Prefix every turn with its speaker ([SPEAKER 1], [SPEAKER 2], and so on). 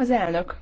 [SPEAKER 1] Az elnök.